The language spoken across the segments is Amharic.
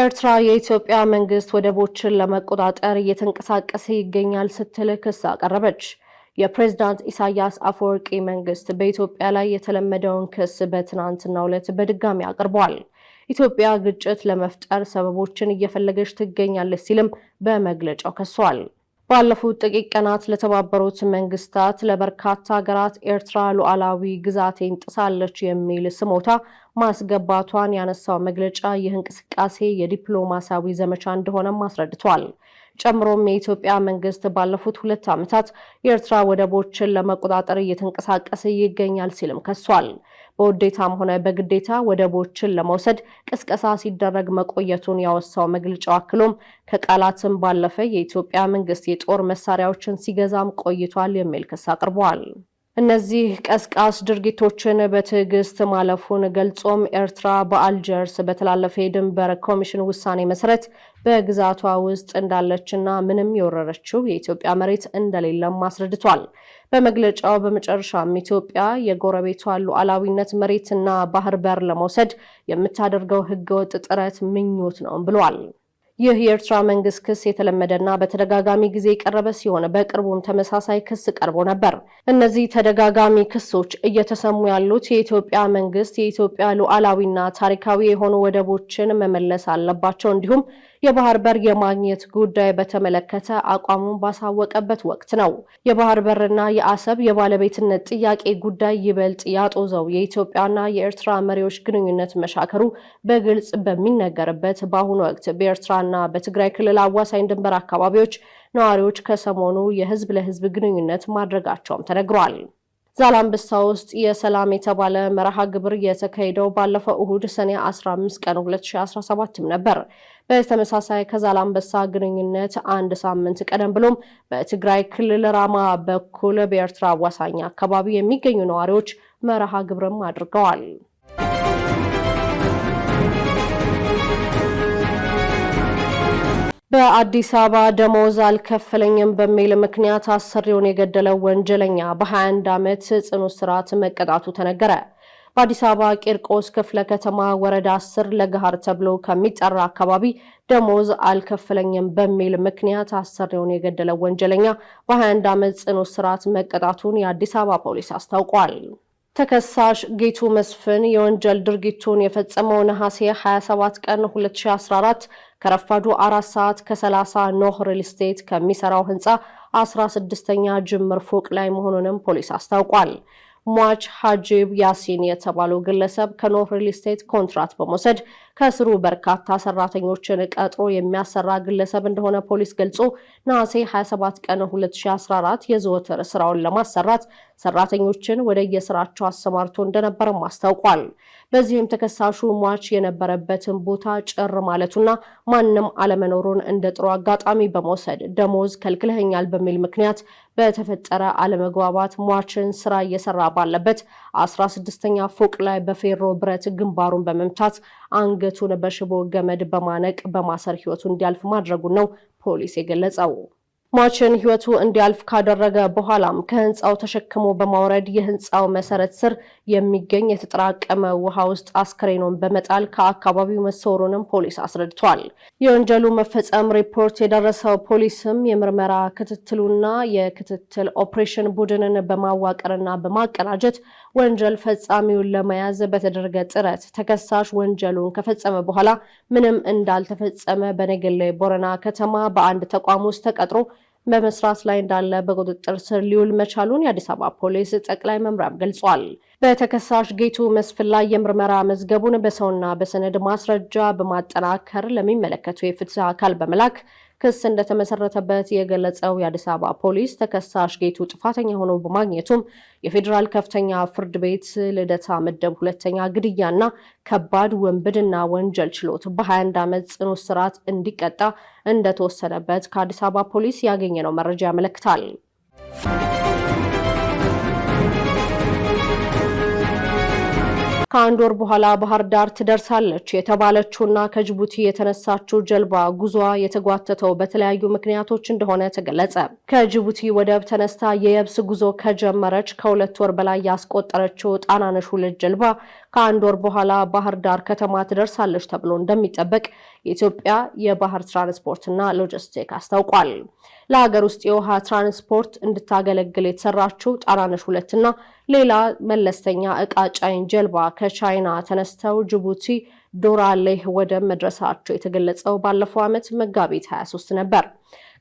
ኤርትራ የኢትዮጵያ መንግስት ወደቦችን ለመቆጣጠር እየተንቀሳቀሰ ይገኛል ስትል ክስ አቀረበች። የፕሬዝዳንት ኢሳያስ አፈወርቂ መንግስት በኢትዮጵያ ላይ የተለመደውን ክስ በትናንትናው ዕለት በድጋሚ አቅርቧል። ኢትዮጵያ ግጭት ለመፍጠር ሰበቦችን እየፈለገች ትገኛለች ሲልም በመግለጫው ከሷል። ባለፉት ጥቂት ቀናት ለተባበሩት መንግስታት ለበርካታ ሀገራት ኤርትራ ሉዓላዊ ግዛቴን ጥሳለች የሚል ስሞታ ማስገባቷን ያነሳው መግለጫ ይህ እንቅስቃሴ የዲፕሎማሲያዊ ዘመቻ እንደሆነም አስረድቷል። ጨምሮም የኢትዮጵያ መንግስት ባለፉት ሁለት ዓመታት የኤርትራ ወደቦችን ለመቆጣጠር እየተንቀሳቀሰ ይገኛል ሲልም ከሷል። በውዴታም ሆነ በግዴታ ወደቦችን ለመውሰድ ቅስቀሳ ሲደረግ መቆየቱን ያወሳው መግለጫው አክሎም ከቃላትም ባለፈ የኢትዮጵያ መንግስት የጦር መሳሪያዎችን ሲገዛም ቆይቷል የሚል ክስ አቅርቧል። እነዚህ ቀስቃስ ድርጊቶችን በትዕግስት ማለፉን ገልጾም ኤርትራ በአልጀርስ በተላለፈ የድንበር ኮሚሽን ውሳኔ መሰረት በግዛቷ ውስጥ እንዳለችና ምንም የወረረችው የኢትዮጵያ መሬት እንደሌለም አስረድቷል። በመግለጫው በመጨረሻም ኢትዮጵያ የጎረቤቷ ሉዓላዊነት መሬትና ባህር በር ለመውሰድ የምታደርገው ህገወጥ ጥረት ምኞት ነው ብሏል። ይህ የኤርትራ መንግስት ክስ የተለመደና በተደጋጋሚ ጊዜ የቀረበ ሲሆን በቅርቡም ተመሳሳይ ክስ ቀርቦ ነበር። እነዚህ ተደጋጋሚ ክሶች እየተሰሙ ያሉት የኢትዮጵያ መንግስት የኢትዮጵያ ሉዓላዊና ታሪካዊ የሆኑ ወደቦችን መመለስ አለባቸው እንዲሁም የባህር በር የማግኘት ጉዳይ በተመለከተ አቋሙን ባሳወቀበት ወቅት ነው። የባህር በርና የአሰብ የባለቤትነት ጥያቄ ጉዳይ ይበልጥ ያጦዘው የኢትዮጵያና የኤርትራ መሪዎች ግንኙነት መሻከሩ በግልጽ በሚነገርበት በአሁኑ ወቅት በኤርትራና በትግራይ ክልል አዋሳኝ ድንበር አካባቢዎች ነዋሪዎች ከሰሞኑ የህዝብ ለህዝብ ግንኙነት ማድረጋቸውም ተነግሯል። ዛላምበሳ ውስጥ የሰላም የተባለ መርሃ ግብር የተካሄደው ባለፈው እሁድ ሰኔ 15 ቀን 2017ም ነበር። በተመሳሳይ ከዛላምበሳ ግንኙነት አንድ ሳምንት ቀደም ብሎም በትግራይ ክልል ራማ በኩል በኤርትራ አዋሳኝ አካባቢ የሚገኙ ነዋሪዎች መርሃ ግብርም አድርገዋል። በአዲስ አበባ ደሞዝ አልከፈለኝም በሚል ምክንያት አሰሪውን የገደለው ወንጀለኛ በ21 ዓመት ጽኑ እስራት መቀጣቱ ተነገረ። በአዲስ አበባ ቂርቆስ ክፍለ ከተማ ወረዳ አስር ለገሃር ተብሎ ከሚጠራ አካባቢ ደሞዝ አልከፈለኝም በሚል ምክንያት አሰሪውን የገደለው ወንጀለኛ በ21 ዓመት ጽኑ እስራት መቀጣቱን የአዲስ አበባ ፖሊስ አስታውቋል። ተከሳሽ ጌቱ መስፍን የወንጀል ድርጊቱን የፈጸመው ነሐሴ 27 ቀን 2014 ከረፋዱ አራት ሰዓት ከ30 ኖህ ሪል ስቴት ከሚሰራው ህንፃ 16ኛ ጅምር ፎቅ ላይ መሆኑንም ፖሊስ አስታውቋል። ሟች ሀጂብ ያሲን የተባለው ግለሰብ ከኖህ ሪል ስቴት ኮንትራት በመውሰድ ከስሩ በርካታ ሰራተኞችን ቀጥሮ የሚያሰራ ግለሰብ እንደሆነ ፖሊስ ገልጾ ነሐሴ 27 ቀን 2014 የዘወትር ስራውን ለማሰራት ሰራተኞችን ወደ የስራቸው አሰማርቶ እንደነበርም አስታውቋል። በዚህም ተከሳሹ ሟች የነበረበትን ቦታ ጭር ማለቱና ማንም አለመኖሩን እንደ ጥሩ አጋጣሚ በመውሰድ ደሞዝ ከልክለኸኛል በሚል ምክንያት በተፈጠረ አለመግባባት ሟችን ስራ እየሰራ ባለበት አስራ ስድስተኛ ፎቅ ላይ በፌሮ ብረት ግንባሩን በመምታት አንገቱን በሽቦ ገመድ በማነቅ በማሰር ህይወቱ እንዲያልፍ ማድረጉን ነው ፖሊስ የገለጸው። ሟችን ህይወቱ እንዲያልፍ ካደረገ በኋላም ከህንፃው ተሸክሞ በማውረድ የህንፃው መሰረት ስር የሚገኝ የተጠራቀመ ውሃ ውስጥ አስክሬኑን በመጣል ከአካባቢው መሰወሩንም ፖሊስ አስረድቷል። የወንጀሉ መፈጸም ሪፖርት የደረሰው ፖሊስም የምርመራ ክትትሉና የክትትል ኦፕሬሽን ቡድንን በማዋቀርና በማቀናጀት ወንጀል ፈጻሚውን ለመያዝ በተደረገ ጥረት ተከሳሽ ወንጀሉን ከፈጸመ በኋላ ምንም እንዳልተፈጸመ በነገሌ ቦረና ከተማ በአንድ ተቋም ውስጥ ተቀጥሮ በመስራት ላይ እንዳለ በቁጥጥር ስር ሊውል መቻሉን የአዲስ አበባ ፖሊስ ጠቅላይ መምሪያም ገልጿል። በተከሳሽ ጌቱ መስፍን ላይ የምርመራ መዝገቡን በሰውና በሰነድ ማስረጃ በማጠናከር ለሚመለከቱ የፍትህ አካል በመላክ ክስ እንደተመሰረተበት የገለጸው የአዲስ አበባ ፖሊስ ተከሳሽ ጌቱ ጥፋተኛ ሆኖ በማግኘቱም የፌዴራል ከፍተኛ ፍርድ ቤት ልደታ ምደብ ሁለተኛ ግድያና ከባድ ወንብድና ወንጀል ችሎት በ21 ዓመት ጽኑ እስራት እንዲቀጣ እንደተወሰነበት ከአዲስ አበባ ፖሊስ ያገኘነው መረጃ ያመለክታል። ከአንድ ወር በኋላ ባህር ዳር ትደርሳለች የተባለችውና ከጅቡቲ የተነሳችው ጀልባ ጉዟ የተጓተተው በተለያዩ ምክንያቶች እንደሆነ ተገለጸ። ከጅቡቲ ወደብ ተነስታ የየብስ ጉዞ ከጀመረች ከሁለት ወር በላይ ያስቆጠረችው ጣናነሽ ሁለት ጀልባ ከአንድ ወር በኋላ ባህር ዳር ከተማ ትደርሳለች ተብሎ እንደሚጠበቅ የኢትዮጵያ የባህር ትራንስፖርትና ሎጂስቲክ አስታውቋል። ለሀገር ውስጥ የውሃ ትራንስፖርት እንድታገለግል የተሰራችው ጣናነሽ ሁለትና ሌላ መለስተኛ እቃ ጫኝ ጀልባ ከቻይና ተነስተው ጅቡቲ ዶራሌህ ወደብ መድረሳቸው የተገለጸው ባለፈው ዓመት መጋቢት 23 ነበር።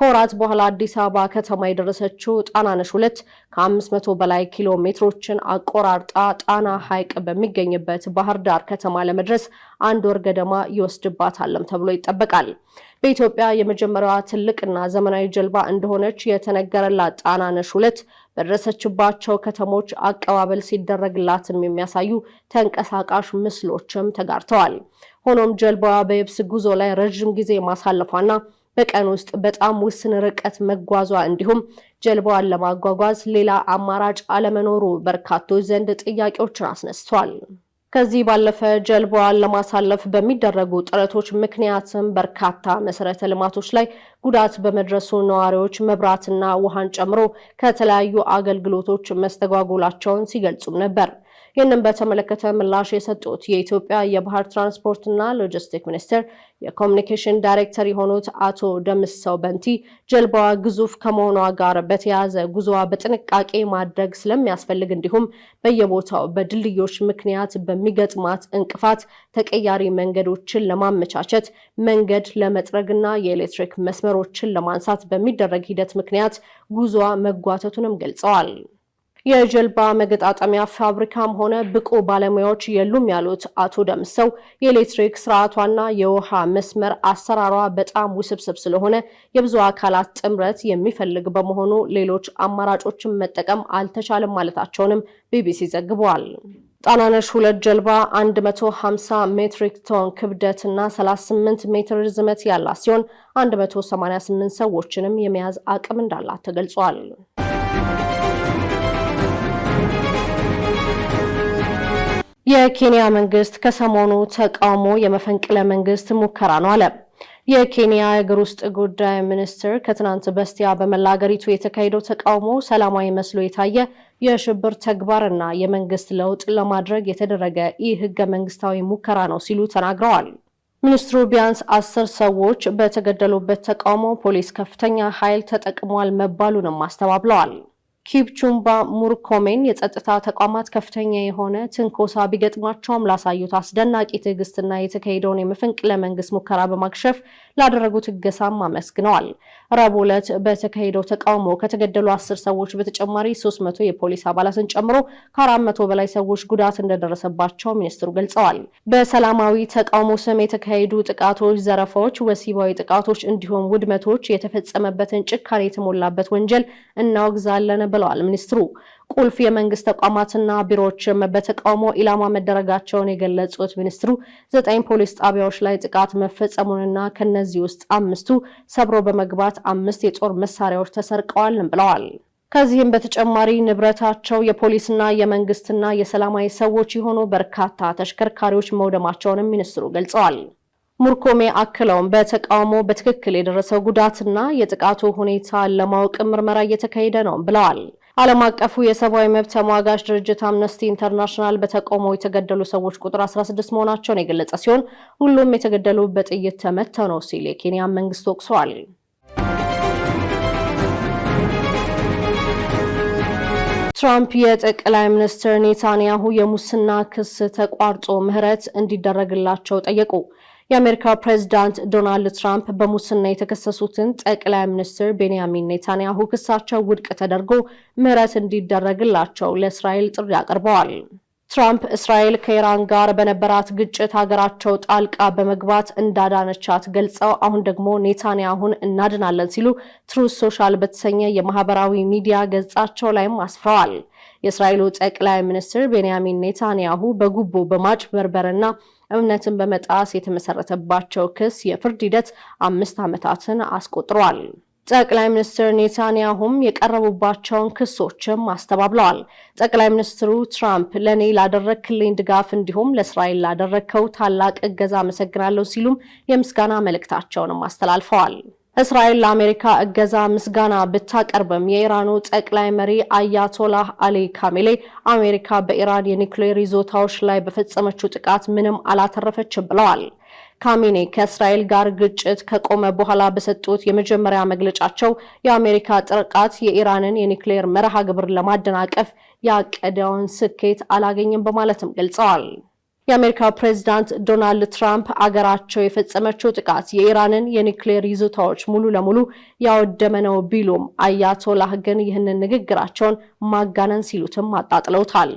ከወራት በኋላ አዲስ አበባ ከተማ የደረሰችው ጣናነሽ ሁለት ከአምስት መቶ በላይ ኪሎ ሜትሮችን አቆራርጣ ጣና ሐይቅ በሚገኝበት ባህር ዳር ከተማ ለመድረስ አንድ ወር ገደማ ይወስድባታልም ተብሎ ይጠበቃል። በኢትዮጵያ የመጀመሪያዋ ትልቅና ዘመናዊ ጀልባ እንደሆነች የተነገረላት ጣናነሽ ሁለት በደረሰችባቸው ከተሞች አቀባበል ሲደረግላትም የሚያሳዩ ተንቀሳቃሽ ምስሎችም ተጋርተዋል። ሆኖም ጀልባዋ በየብስ ጉዞ ላይ ረዥም ጊዜ ማሳለፏና በቀን ውስጥ በጣም ውስን ርቀት መጓዟ እንዲሁም ጀልባዋን ለማጓጓዝ ሌላ አማራጭ አለመኖሩ በርካቶች ዘንድ ጥያቄዎችን አስነስቷል። ከዚህ ባለፈ ጀልባዋን ለማሳለፍ በሚደረጉ ጥረቶች ምክንያትም በርካታ መሰረተ ልማቶች ላይ ጉዳት በመድረሱ ነዋሪዎች መብራትና ውሃን ጨምሮ ከተለያዩ አገልግሎቶች መስተጓጎላቸውን ሲገልጹም ነበር። ይህንን በተመለከተ ምላሽ የሰጡት የኢትዮጵያ የባህር ትራንስፖርትና ሎጂስቲክ ሚኒስቴር የኮሚኒኬሽን ዳይሬክተር የሆኑት አቶ ደምሰው በንቲ ጀልባዋ ግዙፍ ከመሆኗ ጋር በተያያዘ ጉዞዋ በጥንቃቄ ማድረግ ስለሚያስፈልግ እንዲሁም በየቦታው በድልድዮች ምክንያት በሚገጥማት እንቅፋት ተቀያሪ መንገዶችን ለማመቻቸት መንገድ ለመጥረግና የኤሌክትሪክ መስመሮችን ለማንሳት በሚደረግ ሂደት ምክንያት ጉዞዋ መጓተቱንም ገልጸዋል። የጀልባ መገጣጠሚያ ፋብሪካም ሆነ ብቁ ባለሙያዎች የሉም ያሉት አቶ ደምሰው የኤሌክትሪክ ስርዓቷና የውሃ መስመር አሰራሯ በጣም ውስብስብ ስለሆነ የብዙ አካላት ጥምረት የሚፈልግ በመሆኑ ሌሎች አማራጮችን መጠቀም አልተቻለም ማለታቸውንም ቢቢሲ ዘግቧል። ጣናነሽ ሁለት ጀልባ 150 ሜትሪክ ቶን ክብደት እና 38 ሜትር ርዝመት ያላት ሲሆን 188 ሰዎችንም የመያዝ አቅም እንዳላት ተገልጿል። የኬንያ መንግስት ከሰሞኑ ተቃውሞ የመፈንቅለ መንግስት ሙከራ ነው አለ። የኬንያ የእግር ውስጥ ጉዳይ ሚኒስትር ከትናንት በስቲያ በመላ አገሪቱ የተካሄደው ተቃውሞ ሰላማዊ መስሎ የታየ የሽብር ተግባርና የመንግስት ለውጥ ለማድረግ የተደረገ ይህ ህገ መንግስታዊ ሙከራ ነው ሲሉ ተናግረዋል። ሚኒስትሩ ቢያንስ አስር ሰዎች በተገደሉበት ተቃውሞ ፖሊስ ከፍተኛ ኃይል ተጠቅሟል መባሉንም አስተባብለዋል። ኪፕቹምባ ሙርኮሜን የጸጥታ ተቋማት ከፍተኛ የሆነ ትንኮሳ ቢገጥማቸውም ላሳዩት አስደናቂ ትዕግስትና የተካሄደውን የመፈንቅለ መንግስት ሙከራ በማክሸፍ ላደረጉት እገሳም አመስግነዋል። ረቡዕ ዕለት በተካሄደው ተቃውሞ ከተገደሉ አስር ሰዎች በተጨማሪ ሶስት መቶ የፖሊስ አባላትን ጨምሮ ከአራት መቶ በላይ ሰዎች ጉዳት እንደደረሰባቸው ሚኒስትሩ ገልጸዋል። በሰላማዊ ተቃውሞ ስም የተካሄዱ ጥቃቶች፣ ዘረፋዎች፣ ወሲባዊ ጥቃቶች እንዲሁም ውድመቶች የተፈጸመበትን ጭካኔ የተሞላበት ወንጀል እናወግዛለን ብለዋል ሚኒስትሩ ቁልፍ የመንግስት ተቋማትና ቢሮዎችም በተቃውሞ ኢላማ መደረጋቸውን የገለጹት ሚኒስትሩ ዘጠኝ ፖሊስ ጣቢያዎች ላይ ጥቃት መፈጸሙንና ከነዚህ ውስጥ አምስቱ ሰብሮ በመግባት አምስት የጦር መሳሪያዎች ተሰርቀዋልም ብለዋል። ከዚህም በተጨማሪ ንብረታቸው የፖሊስና የመንግስትና የሰላማዊ ሰዎች የሆኑ በርካታ ተሽከርካሪዎች መውደማቸውንም ሚኒስትሩ ገልጸዋል። ሙርኮሜ አክለውም በተቃውሞ በትክክል የደረሰው ጉዳትና የጥቃቱ ሁኔታ ለማወቅ ምርመራ እየተካሄደ ነው ብለዋል። ዓለም አቀፉ የሰብአዊ መብት ተሟጋች ድርጅት አምነስቲ ኢንተርናሽናል በተቃውሞ የተገደሉ ሰዎች ቁጥር 16 መሆናቸውን የገለጸ ሲሆን ሁሉም የተገደሉ በጥይት ተመተው ነው ሲል የኬንያ መንግስት ወቅሰዋል። ትራምፕ የጠቅላይ ሚኒስትር ኔታንያሁ የሙስና ክስ ተቋርጦ ምህረት እንዲደረግላቸው ጠየቁ። የአሜሪካ ፕሬዚዳንት ዶናልድ ትራምፕ በሙስና የተከሰሱትን ጠቅላይ ሚኒስትር ቤንያሚን ኔታንያሁ ክሳቸው ውድቅ ተደርጎ ምህረት እንዲደረግላቸው ለእስራኤል ጥሪ አቅርበዋል። ትራምፕ እስራኤል ከኢራን ጋር በነበራት ግጭት ሀገራቸው ጣልቃ በመግባት እንዳዳነቻት ገልጸው አሁን ደግሞ ኔታንያሁን እናድናለን ሲሉ ትሩዝ ሶሻል በተሰኘ የማህበራዊ ሚዲያ ገጻቸው ላይም አስፍረዋል። የእስራኤሉ ጠቅላይ ሚኒስትር ቤንያሚን ኔታንያሁ በጉቦ በማጭበርበርና እምነትን በመጣስ የተመሰረተባቸው ክስ የፍርድ ሂደት አምስት ዓመታትን አስቆጥሯል። ጠቅላይ ሚኒስትር ኔታንያሁም የቀረቡባቸውን ክሶችም አስተባብለዋል። ጠቅላይ ሚኒስትሩ ትራምፕ ለእኔ ላደረግክልኝ ድጋፍ እንዲሁም ለእስራኤል ላደረግከው ታላቅ እገዛ አመሰግናለሁ ሲሉም የምስጋና መልእክታቸውንም አስተላልፈዋል። እስራኤል ለአሜሪካ እገዛ ምስጋና ብታቀርብም የኢራኑ ጠቅላይ መሪ አያቶላህ አሊ ካሜሌ አሜሪካ በኢራን የኒውክሌር ይዞታዎች ላይ በፈጸመችው ጥቃት ምንም አላተረፈችም ብለዋል። ካሜኔ ከእስራኤል ጋር ግጭት ከቆመ በኋላ በሰጡት የመጀመሪያ መግለጫቸው የአሜሪካ ጥቃት የኢራንን የኒውክሌር መርሃ ግብር ለማደናቀፍ ያቀደውን ስኬት አላገኝም በማለትም ገልጸዋል። የአሜሪካው ፕሬዚዳንት ዶናልድ ትራምፕ አገራቸው የፈጸመችው ጥቃት የኢራንን የኒክሌር ይዞታዎች ሙሉ ለሙሉ ያወደመ ነው ቢሉም አያቶላህ ግን ይህንን ንግግራቸውን ማጋነን ሲሉትም አጣጥለውታል።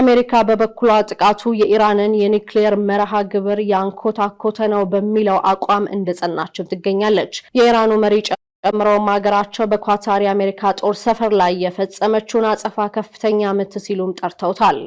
አሜሪካ በበኩሏ ጥቃቱ የኢራንን የኒክሌር መርሃ ግብር ያንኮታኮተ ነው በሚለው አቋም እንደጸናችም ትገኛለች። የኢራኑ መሪ ጨምረውም ሀገራቸው በኳታር የአሜሪካ ጦር ሰፈር ላይ የፈጸመችውን አጸፋ ከፍተኛ ምት ሲሉም ጠርተውታል።